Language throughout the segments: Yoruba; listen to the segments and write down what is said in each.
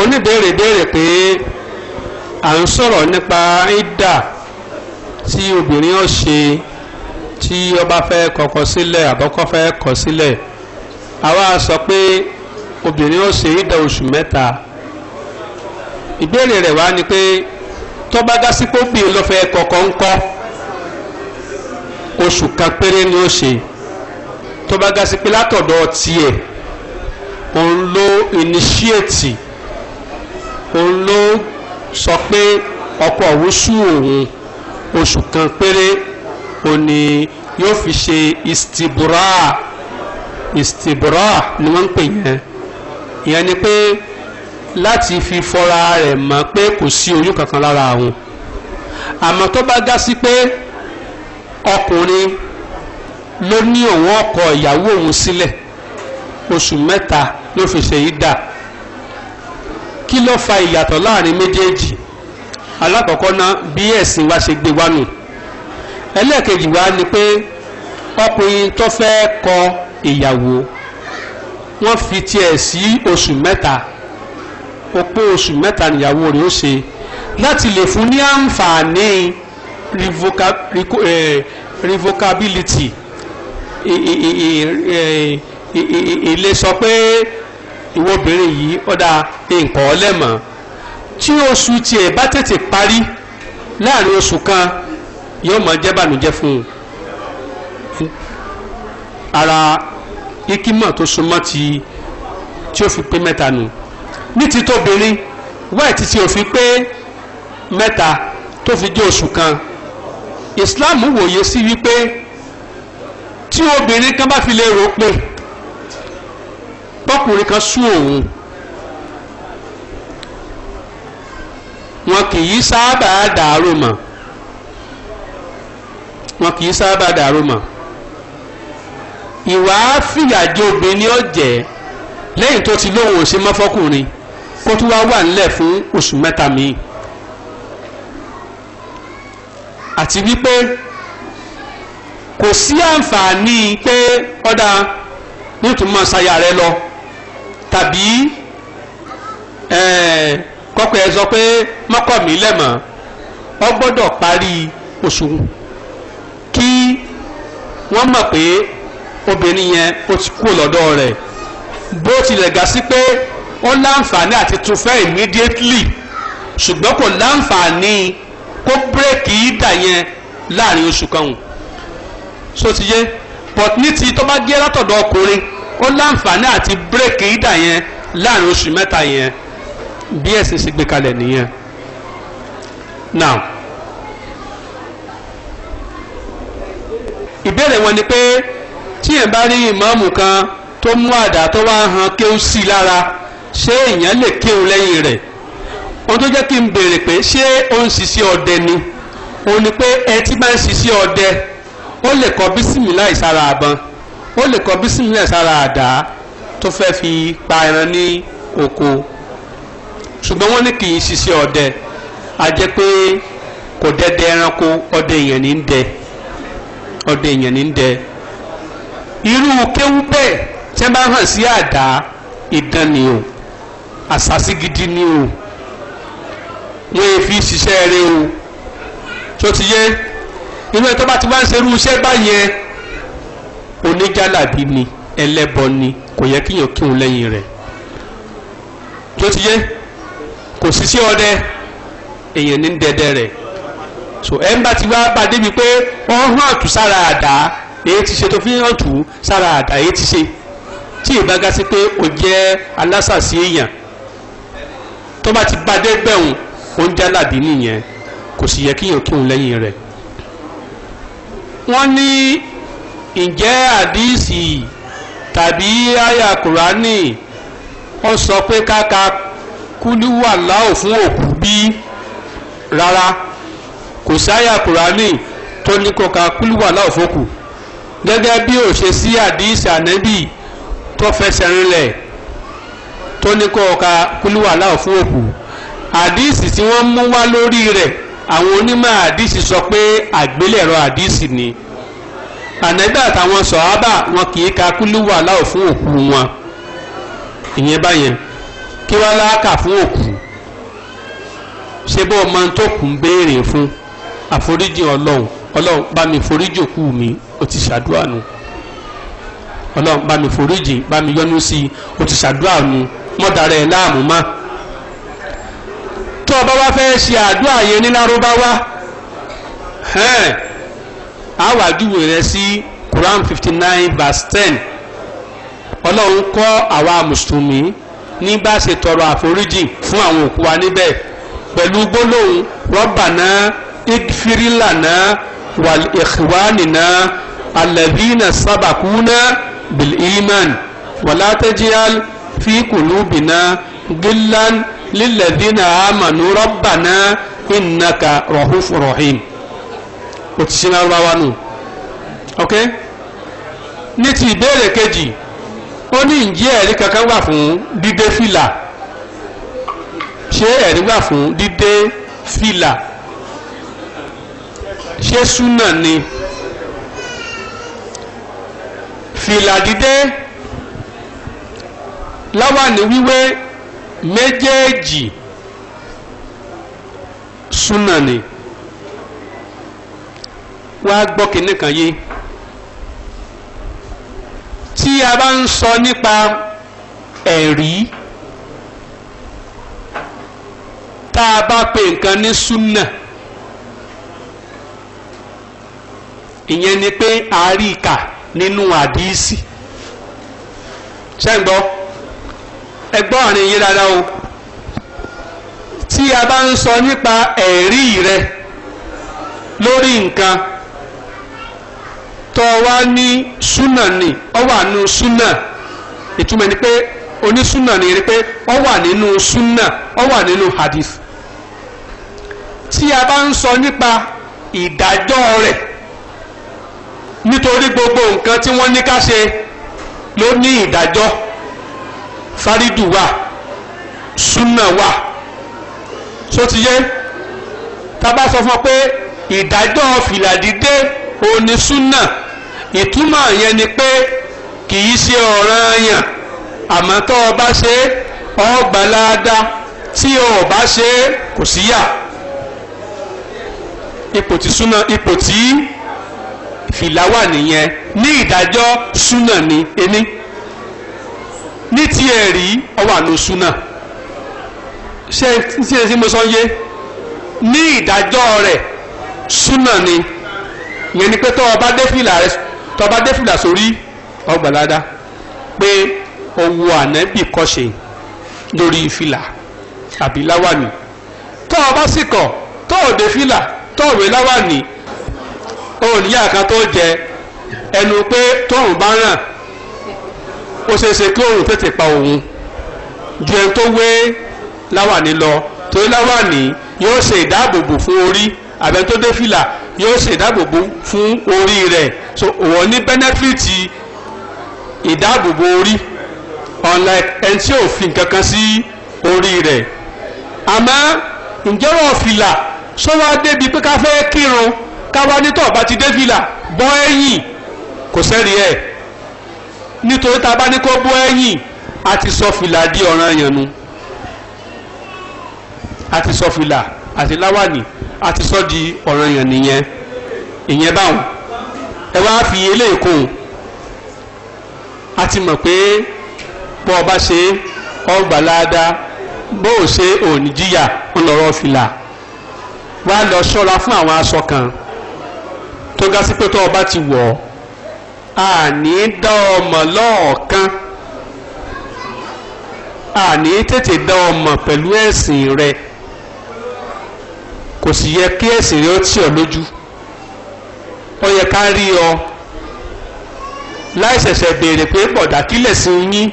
oníbèrè béèrè pé à ń sọ̀rọ̀ nípa ìdà tí obìnrin ó ṣe tí ó bá fẹ́ kọkọ sílẹ̀ àbọ́kọ́ fẹ́ kọ sílẹ̀ àwa sọ pé obìnrin ó ṣe ìdà oṣù mẹ́ta ìbéèrè rẹ̀ wá ni pé tó bá dá ló fẹ́ kọkọ ńkọ́ oṣù kan péré ni ó ṣe tó bá látọ̀dọ̀ tiẹ̀ òun ló initiate òun ló sọ pé ọkọ òun sú òun oṣù kan péré òní yóò fi ṣe istibura istibura ni wọ́n ń pè yẹn ìyẹn ni pé láti fi fọra rẹ̀ mọ́ pé kò sí oyún kankan lára àwọn àmọ́ tó bá gá sí pé ọkùnrin ló ní òun ọkọ ìyàwó òun sílẹ̀ oṣù mẹ́ta ló fi ṣe yí dà kí ló fa ìyàtọ̀ láàrin méjèèjì alákọ̀ọ́kọ́ náà bí ẹ̀sìn wa ṣe gbé wa nù ẹlẹ́ẹ̀kejì wa ni pé ọkùnrin tó fẹ́ kọ ìyàwó wọ́n fi tiẹ̀ sí oṣù mẹ́ta opó oṣù mẹ́ta níyàwó rẹ̀ ó ṣe láti lè fún ní àǹfààní revocability ilé sọ pé ìwọ obìnrin yìí ọ̀dà nǹkan ọlẹ́mọ̀ tí oṣù tiẹ̀ bá tètè parí láàrin oṣù kan yóò máa jẹ́ bànújẹ́ fún un ara ikimọ̀ tó súnmọ́ ti tí ó fi pé mẹ́ta nù ní ti tóbìnrin wáyé títí ò fi pé mẹ́ta tó fi jẹ́ oṣù kan Islam wòye sí wípé tí obìnrin kan bá fi lè rò pé. tọkùnrin kan sú òun wọn kì í sábà dàrú mọ́ wọn kì í sábà dàrú mọ́ ìwà fìyàjẹ obìnrin ni ó jẹ́ lẹ́yìn tó ti lóun ò ṣe mọ́ fọ́kùnrin kó tún wá wà nílẹ̀ fún oṣù mẹ́ta míì àti wípé kò sí àǹfààní pé ọ̀dà nítorí máa ṣayà rẹ lọ. tàbí kọ́kọ́ ẹ sọ pé mọ́kọ̀ mi lẹ́mọ̀ ọ gbọ́dọ̀ parí oṣù kí wọ́n mọ̀ pé obìnrin yẹn ó ti kú lọ́dọ̀ rẹ̀ bó tilẹ̀ ga sí pé ó láǹfààní àti tún fẹ́ immediately ṣùgbọ́n kò láǹfààní kó bírèkì ìdà yẹn láàrin oṣù kan so ti yé but ní ti tó bá gé látọ̀dọ̀ ọkùnrin ó láǹfààní àti bírèkì ìdà yẹn láàrin oṣù mẹ́ta yẹn bí ẹ̀sìn sì gbé kalẹ̀ nìyẹn now ìbéèrè wọn ni pé tíyẹn bá rí ìmáàmù kan tó mú àdá tó wá han kéwú sí i lára ṣé èèyàn lè kéwú lẹ́yìn rẹ̀ ohun tó jẹ́ kí n béèrè pé ṣé ó ń ṣiṣẹ́ ọdẹ ni òun ni pé ẹ ti máa ń ṣiṣẹ́ ọdẹ ó lè kọ bísímìlá ìsára abọ́n. ó lè kọ bísímìlẹ̀ sára àdá tó fẹ́ fi pa ẹran ní oko ṣùgbọ́n wọ́n ní kì í ṣiṣẹ́ ọdẹ a jẹ́ pé kò dẹdẹ ẹranko ọdẹ èèyàn ní ń dẹ ọdẹ èèyàn ní ń dẹ irú kéwú bẹ́ẹ̀ tẹ́ bá hàn sí àdá ìdán ni o àṣàṣì gidi ni o wọ́n yẹ fi ṣiṣẹ́ rẹ o tó ti yé inú ẹ̀ tó bá ti wá ń ṣerú iṣẹ́ báyẹn oníjàlàbí ni ẹlẹ́bọ ni kò yẹ kíyàn kíhun lẹ́yìn rẹ̀ tó ti yẹ kò sí sí ọdẹ èèyàn ní dẹdẹ rẹ̀ so ẹ ń bá ti wá bá débi pé wọ́n hàn tù sára àdá èyí ti ṣe tó fi hàn tù sára àdá èyí ti ṣe tí ìbága sí pé o jẹ́ alásàsí èèyàn tó bá ti bá dé gbẹ̀hùn ó ń jálàbí nìyẹn kò sì yẹ kíyàn kíhun lẹ́yìn rẹ̀ wọ́n ní. ǹjẹ́ àdíìsì tàbí àyà kùránì ó sọ pé káka kúlúwà láò fún òkú bí rárá kò sáyà kùránì tó ní kọka kúlúwà láò fókù gẹ́gẹ́ bí ò ṣe sí àdíìsì ànẹ́bì tó fẹsẹ̀ rinlẹ̀ tó ní kọka kúlúwà láò fún òkú àdíìsì tí wọ́n mú wá lórí rẹ̀ àwọn onímọ̀ àdíìsì sọ pé àgbélẹ̀rọ àdíìsì ni. ànẹ́bí àtàwọn sọ̀hábà wọn kì í ka kúlúwà láò fún òkú wọn ìyẹn báyẹn kí wọ́n láàkà fún òkú ṣé bó ọmọ tó kù ń béèrè fún àforíjì ọlọ́run ọlọ́run bá mi foríjì òkú mi ó ti ṣàdúrà nù ọlọ́run bá mi foríjì bá mi yọ́nú sí i ó ti ṣàdúrà nù mọ́dàrá ẹ̀ láàmú má tó o bá fẹ́ ṣe àdúrà yẹn ní lárúbáwá àwa júwe rẹ̀ sí Quran fifty nine verse ten ọlọ́run kọ́ àwa mùsùlùmí ní bá ṣe tọrọ àforíjì fún àwọn òkú wa níbẹ̀ pẹ̀lú gbólóhùn Rabbana igfirilana wal ikhwanina alladhina sabakuna bil iman wala tajal fi qulubina gillan lilladhina amanu Rabbana innaka rahufur rahim kò ti ṣe lárúbáwá nù ok ní ti ìbéèrè kejì ó ní ǹjẹ́ ẹ̀rí kankan wà fún dídé fìlà ṣé ẹ̀rí wà fún dídé fìlà ṣé súnà ni fìlà dídé láwàní wíwé méjèèjì súnà ni wá gbọ́ kinní kan yé tí a bá ń sọ nípa ẹ̀rí tá a bá pe nǹkan ní súnà ìyẹn ni pé àríkà nínú àdíìsì ṣẹ́ǹgbọ́ ẹgbọ́n àárín yín dáadáa o tí a bá ń sọ nípa ẹ̀rí rẹ lórí nǹkan tọ́ wá ní súnà ni ọ wà nù súnà ìtumọ̀ ni pé onísúnà ni pé ọ wà nínú súnà ọ wà nínú hadith tí a bá ń sọ nípa ìdájọ́ rẹ̀ nítorí gbogbo nǹkan tí wọ́n ní ká ṣe ló ní ìdájọ́ fárídù wà súnà wà sótìyé tá a bá sọ fún ọ pé ìdájọ́ fìlà dídé òní súnà ìtumọ̀ yẹn ni pé kì í ṣe ọ̀ranyàn àmọ́ tó o bá ṣe ó gbà láàdá tí o bá ṣe kò síyà ipò tí súnà ipò tí fìlà nìyẹn ní ìdájọ́ súnà ni ení ní ti ẹ̀rí ó wà ní súnà ṣé ṣé ṣé mo sọ yé ní ìdájọ́ rẹ̀ súnà ni ìyẹn ni pé tọ́ ọba dé fìlà rẹ tọ́ ọba dé fìlà sórí ọgbàládá pé owó ànẹ́bì kọ́ṣe lórí fìlà àbí láwàní tọ́ ọba sì kọ̀ tọ́ òde fìlà tọ́ òwe láwàní òníyà kan tó jẹ ẹnu pé tóun bá ràn ó ṣeé ṣe kí òun tètè pa òun ju ẹni tó wé láwàní lọ torí láwàní yóò ṣe ìdáàbòbò fún orí àbẹ́ni dé fìlà yóò ṣe ìdáàbòbò fún orí rẹ̀ so wọ́n ní bẹ́nẹ́fìtì ìdáàbòbò orí unlike ẹni tí ò fi nǹkan kan sí orí rẹ̀ àmọ́ ìjọ́rọ̀ fìlà sọ́wọ́ débi pé ká fẹ́ kírun káwa nítọ̀ bá ti dé fìlà bọ́ ẹ̀yìn kò sẹ́rí ẹ̀ nítorí tá a bá ní kó bọ́ ẹ̀yìn a ti sọ fìlà di ọ̀ranyàn nu a ti sọ fìlà àti láwàní àti sọ di ọ̀rọ̀ èèyàn nìyẹn ìyẹn báwọn ẹ wá fi eléyìí kún un a ti mọ̀ pé bọ́ ọba ṣe ọgbà láadáa bó o ṣe òní jìyà ńlọrọ fìlà wá lọ ṣọ́ra fún àwọn aṣọ kan tó ga sí pé tó ọba ti wọ̀ ọ́ àní dá ọmọ lọ́ọ̀kan àní tètè dá ọmọ pẹ̀lú ẹ̀sìn rẹ̀ kò sì yẹ kí ẹ̀sìn rẹ ó tì ọ́ lójú ó yẹ ká rí ọ láì ṣẹ̀ṣẹ̀ béèrè pé bọ̀dà kílẹ̀ sí yín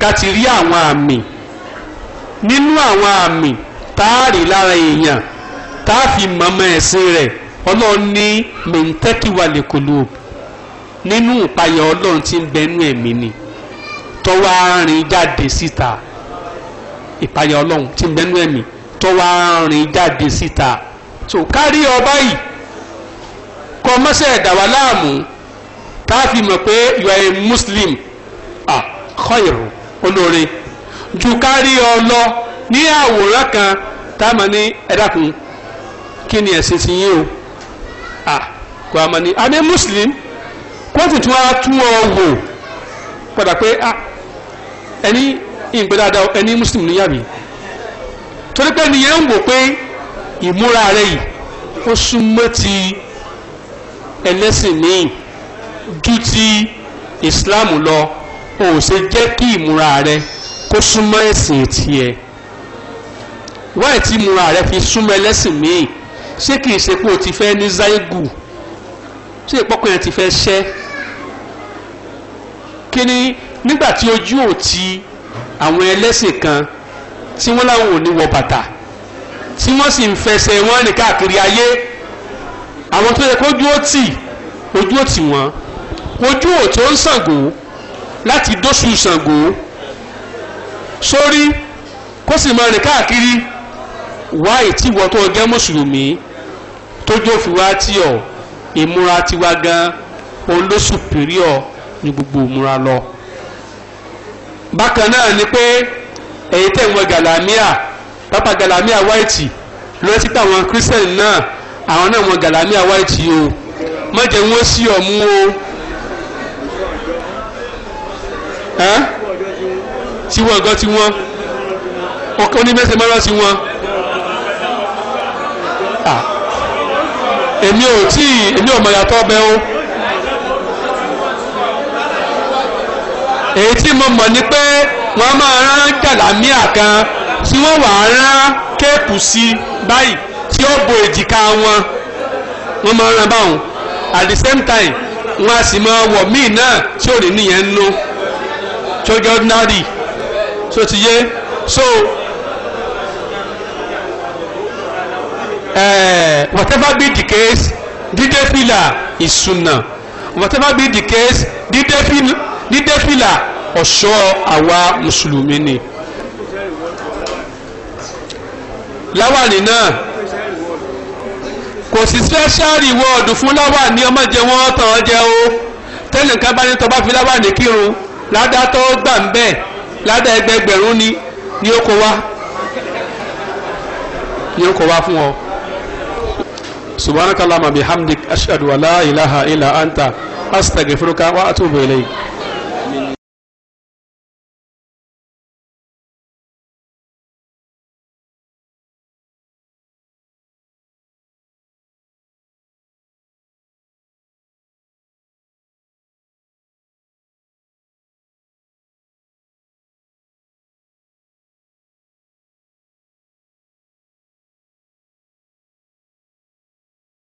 ká ti rí àwọn àmì nínú àwọn àmì tá a rí lára èèyàn tá a fi mọ̀mọ́ ẹ̀sìn rẹ̀ ọlọ́run ní mẹ́ńtẹ́kìwálẹ̀ kòlóòbù nínú ìpayà ọlọ́run tí ń bẹnu ẹ̀mí ni tọ́wọ́ arìn jáde síta ìpayà ọlọ́run tí ń bẹnu ẹ̀mí tó wá rìn jáde síta tó kárí ọba yìí kọ́ mọ́sẹ̀ dà wá láàmú tá a fi mọ̀ pé you are a muslim ah khairu olóore ju kárí ọ lọ ní àwòrán kan tá a mọ̀ ní ẹ̀dàkùn kí ni ẹ̀sìn ti yín o ah kò àmọ́ ní i'm muslim kóòtù tí wọ́n á tún ọ wò padà pé ah ẹni ìgbẹ́ dáadáa ẹni muslim níyàbí torí pé nìyẹn ń wò pé ìmúra rẹ̀ yìí ó súnmọ́ ti ẹlẹ́sìn míì ju ti Islam lọ o ò ṣe jẹ́ kí ìmúra rẹ̀ kó súnmọ́ ẹ̀sìn tiẹ̀ wáyé tí ìmúra rẹ̀ fi súnmọ́ ẹlẹ́sìn míì ṣé kìí ṣe pé o ti fẹ́ ní zaigu ṣé ìpọ́kùn yẹn ti fẹ́ ṣẹ́ kí ni nígbà tí ojú ò ti àwọn ẹlẹ́sìn kan tí wọ́n láwọn ò ní wọ bàtà tí wọ́n sì ń fẹsẹ̀ wọn rìn káàkiri ayé àwọn tó yẹ kójú ó tì ojú ó tì wọ́n ojú ò tó ń Ṣàngó láti dóṣù Ṣàngó sórí kó sì máa rìn káàkiri wá ètí ìwọ tó jẹ́ mùsùlùmí tójú òfin wá tí ọ ìmúra tiwa gan òun ló superior ní gbogbo ìmúra lọ bákan náà ni pé èyí tẹ̀ ń wọ gàlámíà pápá galamia wáìtì lọ́wọ́ sí pé àwọn kírísítẹ̀nì náà àwọn náà wọ galamia wáìtì o má jẹ́ wọ́n sí ọ̀mú o tí wọ́n gan tí wọ́n ọkọ onímẹ̀sẹ̀ mọ́rán tí wọ́n. èmi ò tí èmi ò mọ̀ yàtọ̀ bẹ́ẹ̀ o. èyí tí mo mọ̀ ni pé wọ́n máa rán jàlámíà kan tí wọ́n wàá rán kéèpù sí báyìí tí ó bo èjìká wọn wọ́n máa rán báwọn at the same time wọ́n á sì máa wọ̀ míì náà tí ò ní nìyẹn ń lò tí ó tó ti yé so. Uh, whatever be the case dídé fìlà is sunnah whatever be the case dídé fìlà ọ̀ṣọ́ àwa mùsùlùmí ni láwàní náà kò sí special reward fún láwàní ọmọ jẹ wọn tàn án jẹ o tẹnìkan bá ní tọba fi láwàní kírun ládá tó gbà ń bẹ ládá ẹgbẹgbẹ̀rún ni ni ó kó wá ni ó kó wá fún ọ. subhanakallahumma bihamdik ashhadu an la ilaha illa anta astaghfiruka wa atubu ilayk.